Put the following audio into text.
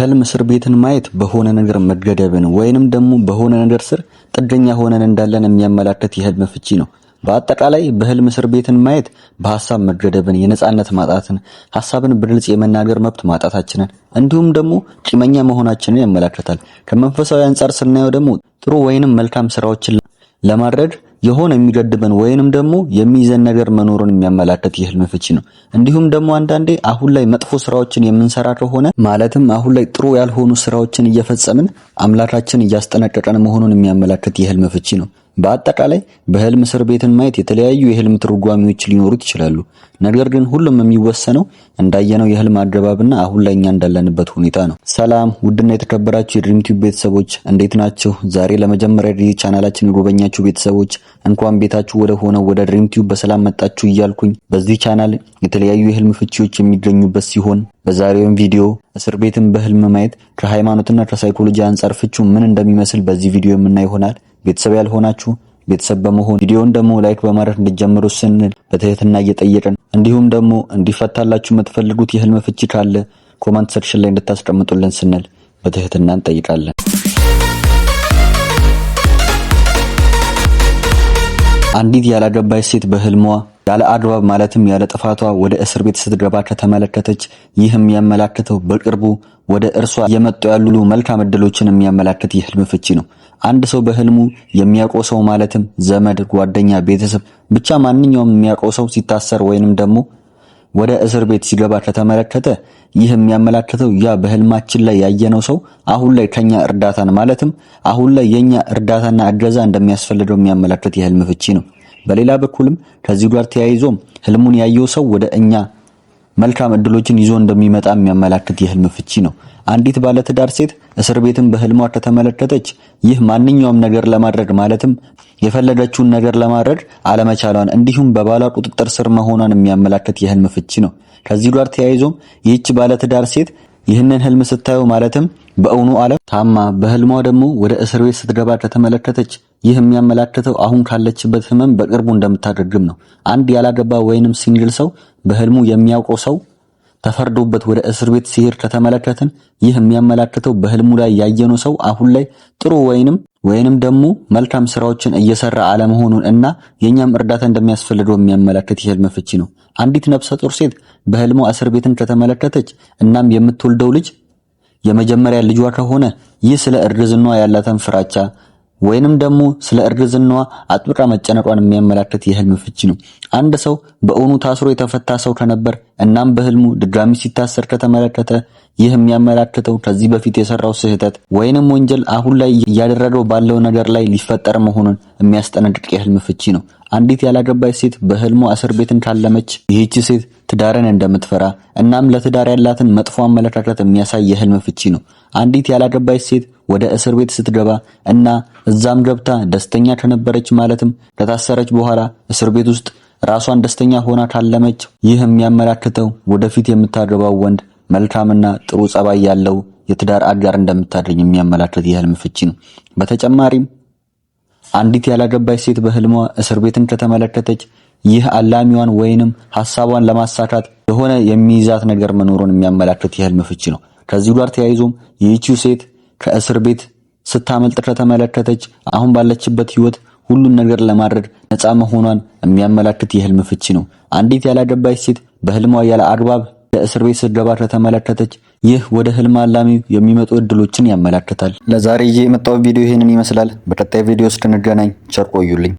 ህልም እስር ቤትን ማየት በሆነ ነገር መገደብን ወይንም ደግሞ በሆነ ነገር ስር ጥገኛ ሆነን እንዳለን የሚያመላክት የህልም ፍቺ ነው። በአጠቃላይ በህልም እስር ቤትን ማየት በሀሳብ መገደብን፣ የነፃነት ማጣትን፣ ሀሳብን በግልጽ የመናገር መብት ማጣታችንን እንዲሁም ደግሞ ቂመኛ መሆናችንን ያመላክታል። ከመንፈሳዊ አንጻር ስናየው ደግሞ ጥሩ ወይንም መልካም ስራዎችን ለማድረግ የሆነ የሚገድበን ወይንም ደግሞ የሚይዘን ነገር መኖሩን የሚያመላክት የህልም ፍቺ ነው። እንዲሁም ደግሞ አንዳንዴ አሁን ላይ መጥፎ ስራዎችን የምንሰራ ከሆነ ማለትም አሁን ላይ ጥሩ ያልሆኑ ስራዎችን እየፈጸምን አምላካችን እያስጠነቀቀን መሆኑን የሚያመላክት የህልም ፍቺ ነው። በአጠቃላይ በህልም እስር ቤትን ማየት የተለያዩ የህልም ትርጓሚዎች ሊኖሩት ይችላሉ። ነገር ግን ሁሉም የሚወሰነው እንዳየነው የህልም አገባብና አሁን ላይ እኛ እንዳለንበት ሁኔታ ነው። ሰላም ውድና የተከበራችሁ የድሪም ቲዩብ ቤተሰቦች እንዴት ናችሁ? ዛሬ ለመጀመሪያ ጊዜ ቻናላችን የጎበኛችሁ ቤተሰቦች እንኳን ቤታችሁ ወደ ሆነው ወደ ድሪም ቲዩብ በሰላም መጣችሁ እያልኩኝ በዚህ ቻናል የተለያዩ የህልም ፍቺዎች የሚገኙበት ሲሆን በዛሬውም ቪዲዮ እስር ቤትን በህልም ማየት ከሃይማኖትና ከሳይኮሎጂ አንጻር ፍቹ ምን እንደሚመስል በዚህ ቪዲዮ የምናይ ይሆናል። ቤተሰብ ያልሆናችሁ ቤተሰብ በመሆን ቪዲዮውን ደግሞ ላይክ በማድረግ እንዲጀምሩ ስንል በትህትና እየጠየቅን እንዲሁም ደግሞ እንዲፈታላችሁ የምትፈልጉት የህልም ፍቺ ካለ ኮማንት ሰክሽን ላይ እንድታስቀምጡልን ስንል በትህትና እንጠይቃለን። አንዲት ያላገባች ሴት በህልሟ ያለ አግባብ ማለትም ያለ ጥፋቷ ወደ እስር ቤት ስትገባ ከተመለከተች ይህም የሚያመላክተው በቅርቡ ወደ እርሷ የመጡ ያሉ መልካም እድሎችን የሚያመላክት የህልም ፍቺ ነው። አንድ ሰው በህልሙ የሚያውቀው ሰው ማለትም ዘመድ፣ ጓደኛ፣ ቤተሰብ ብቻ ማንኛውም የሚያውቀው ሰው ሲታሰር ወይንም ደግሞ ወደ እስር ቤት ሲገባ ከተመለከተ ይህ የሚያመላክተው ያ በህልማችን ላይ ያየነው ሰው አሁን ላይ ከኛ እርዳታን ማለትም አሁን ላይ የኛ እርዳታና እገዛ እንደሚያስፈልገው የሚያመላክት የህልም ፍቺ ነው። በሌላ በኩልም ከዚህ ጋር ተያይዞ ህልሙን ያየው ሰው ወደ እኛ መልካም እድሎችን ይዞ እንደሚመጣ የሚያመላክት የህልም ፍቺ ነው። አንዲት ባለትዳር ሴት እስር ቤትን በህልሟ ከተመለከተች ይህ ማንኛውም ነገር ለማድረግ ማለትም የፈለገችውን ነገር ለማድረግ አለመቻሏን እንዲሁም በባሏ ቁጥጥር ስር መሆኗን የሚያመላክት የህልም ፍቺ ነው። ከዚህ ጋር ተያይዞም ይህች ባለትዳር ሴት ይህንን ህልም ስታዩ ማለትም በእውኑ ዓለም ታማ በህልሟ ደግሞ ወደ እስር ቤት ስትገባ ከተመለከተች ይህ የሚያመላክተው አሁን ካለችበት ህመም በቅርቡ እንደምታደርግም ነው። አንድ ያላገባ ወይንም ሲንግል ሰው በህልሙ የሚያውቀው ሰው ተፈርዶበት ወደ እስር ቤት ሲሄድ ከተመለከትን ይህ የሚያመላክተው በህልሙ ላይ ያየነው ሰው አሁን ላይ ጥሩ ወይንም ወይንም ደግሞ መልካም ስራዎችን እየሰራ አለመሆኑን እና የኛም እርዳታ እንደሚያስፈልገው የሚያመላክት የህልም ፍቺ ነው። አንዲት ነፍሰ ጡር ሴት በህልሟ እስር ቤትን ከተመለከተች እናም የምትወልደው ልጅ የመጀመሪያ ልጇ ከሆነ ይህ ስለ እርግዝናዋ ያላትን ፍራቻ ወይንም ደግሞ ስለ እርግዝናዋ አጥብቃ መጨነቋን የሚያመላክት የህልም ፍቺ ነው። አንድ ሰው በእውኑ ታስሮ የተፈታ ሰው ከነበር እናም በህልሙ ድጋሚ ሲታሰር ከተመለከተ ይህ የሚያመላክተው ከዚህ በፊት የሰራው ስህተት ወይንም ወንጀል አሁን ላይ እያደረገው ባለው ነገር ላይ ሊፈጠር መሆኑን የሚያስጠነቅቅ የህልም ፍቺ ነው። አንዲት ያላገባች ሴት በህልሙ እስር ቤትን ካለመች ይህቺ ሴት ትዳርን እንደምትፈራ እናም ለትዳር ያላትን መጥፎ አመለካከት የሚያሳይ የህልም ፍቺ ነው። አንዲት ያላገባች ሴት ወደ እስር ቤት ስትገባ እና እዛም ገብታ ደስተኛ ከነበረች ማለትም ከታሰረች በኋላ እስር ቤት ውስጥ ራሷን ደስተኛ ሆና ካለመች ይህ የሚያመላክተው ወደፊት የምታገባው ወንድ መልካምና ጥሩ ጸባይ ያለው የትዳር አጋር እንደምታገኝ የሚያመላክት የህልም ፍቺ ነው። በተጨማሪም አንዲት ያላገባች ሴት በህልሟ እስር ቤትን ከተመለከተች ይህ አላሚዋን ወይንም ሐሳቧን ለማሳካት የሆነ የሚይዛት ነገር መኖሩን የሚያመላክት የህልም ፍቺ ነው። ከዚሁ ጋር ተያይዞም ይህቺው ሴት ከእስር ቤት ስታመልጥ ከተመለከተች አሁን ባለችበት ህይወት ሁሉን ነገር ለማድረግ ነፃ መሆኗን የሚያመላክት የህልም ፍቺ ነው። አንዲት ያላገባች ሴት በህልሟ ያለ አግባብ ለእስር ቤት ስትገባ ከተመለከተች ይህ ወደ ህልም አላሚው የሚመጡ እድሎችን ያመላክታል። ለዛሬ ይዤ የመጣው ቪዲዮ ይህንን ይመስላል። በቀጣይ ቪዲዮ እስክንገናኝ ቸር ቆዩልኝ።